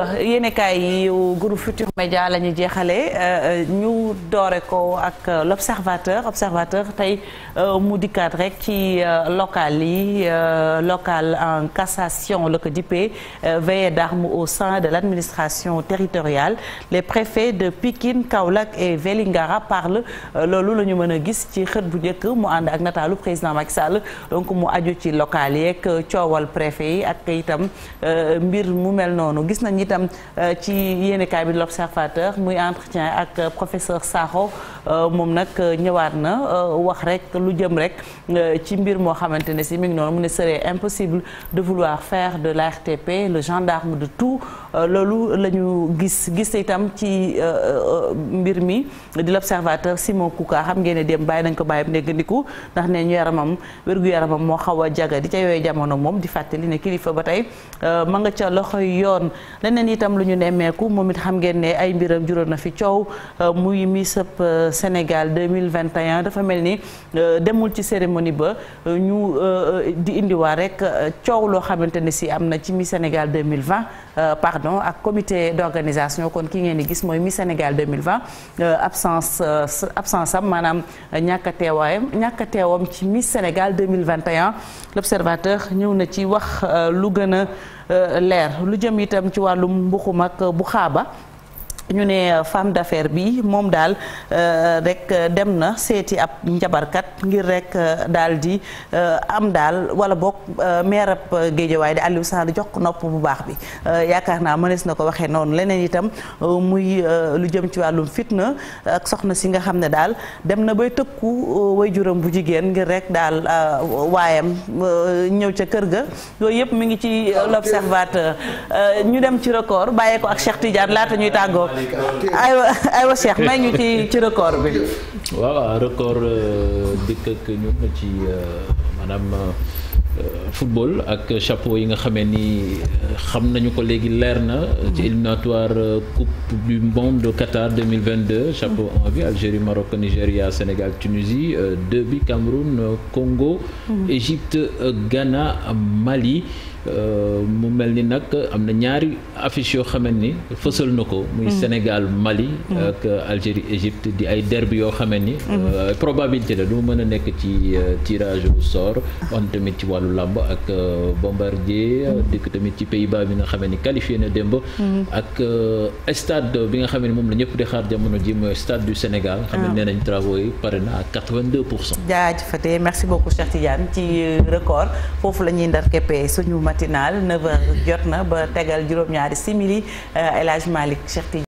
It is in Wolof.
aywa yéenekaay group groupe Futur Média la ñu jeexalee euh, ñu doore ko ak euh, l'observateur observateur tey euh, mu dikkaat rek ci local yi local en cassation lako ko dippee veillée d'armes au sein de l'administration territoriale les préfets de Pikine Kaolack et Vélingara parlent loolu la ñu mën a gis ci xët bu njëkk mu ànd ak nataalu président Macky Sall donc mu aju ci local yeeg coowal préfet yi ak itam mbir mu mel noonu gis nañu itam euh, ci yéenekaay bi l'Observateur muy entretien ak euh, professeur Sakho euh, moom nag ñëwaat na wax rek lu jëm rek ci mbir moo xamante ne si mi ngi noonu mu ne serait impossible de vouloir faire de l'ARTP le gendarme de tout loolu la ñu gis gis itam ci mbir mi di l'Observateur Simon Kouka xam ngeen ne dem bàyyi nañ ko bàyyi bu néggandiku ndax nee ñu yaramam wérgu yaramam moo xaw a jaga di ca yooyu jamono moom di fàttali ne kilifa ba tey ma nga ca loxoy leneen itam lu ñu nemmeeku moom it xam ngeen ne ay mbiram juróom na fi coow euh, muy Miss euh, Sénégal 2021 dafa mel ni euh, demul ci cérémonie ba ñu di indiwaar rek coow loo xamante ne si am na ci Miss Sénégal 2020 pardon ak comité d'organisation kon ki ngeen di gis mooy Miss Sénégal 2020 absence absence am maanaam ñàkk a teewaayam ñàkk a teewam ci Miss Sénégal 2021 l'observateur ñëw na ci wax lu gën a leer lu jëm itam ci wàllum mbuxum ak bu xaaba ñu ne euh, femme d'affaires bi moom daal euh, rek euh, dem na seeti ab njabarkat ngir rek daal di am daal wala bokk maire ab Géejawaay di Aliou Sall jox ko nopp bu baax bi yaakaar naa mënees na ko waxee noonu leneen itam muy lu jëm ci wàllum fitna ak soxna si nga xam ne daal dem na bay tëkku waajuram bu jigéen ngir rek daal waayam ñëw ca kër ga yooyu yëpp mu ngi ci l'observateur ñu dem ci record bàyyee ko ak Cheikh laata ñuy tàggoo aywa aywa Cheikh may ñu ci record bi. waaw record euh, dikk ak ñun ci euh, maanaam euh, football ak chapeau yi nga xamee ni xam nañu ko léegi leer na. ci éliminatoire coupe du monde de Qatar 2022 chapeau 1 bi Algérie Maroc Nigéria Sénégal Tunisie 2 bi Cameroun Congo. Mm-hmm. Égypte Ghana Mali. Euh, mu mel ni nag am na ñaari affiche yoo xamante ni fësal na ko. muy mm. Sénégal Mali. Mm. ak Algérie Égypte di ay derbi yoo xamante ni. Mm. Euh, probabilité la du mu mën a nekk ci euh, tirage au sort on ah. tamit ci wàllu làmb ak Bombardier dikk tamit ci Pays-Bas bi nga xamante ni qualifié na démb. ak stade bi nga xam ne moom la ñëpp di xaar jamono ji mooy stade du Sénégal. Ah. xam ne nee nañ travaux pare na à pour cent. jaajëfatee merci beaucoup Cheikh Tidiane ci record foofu la ñuy matinale 9 jot na ba tegal juróom-ñaari simili euh, El Hadj Malick Cheikh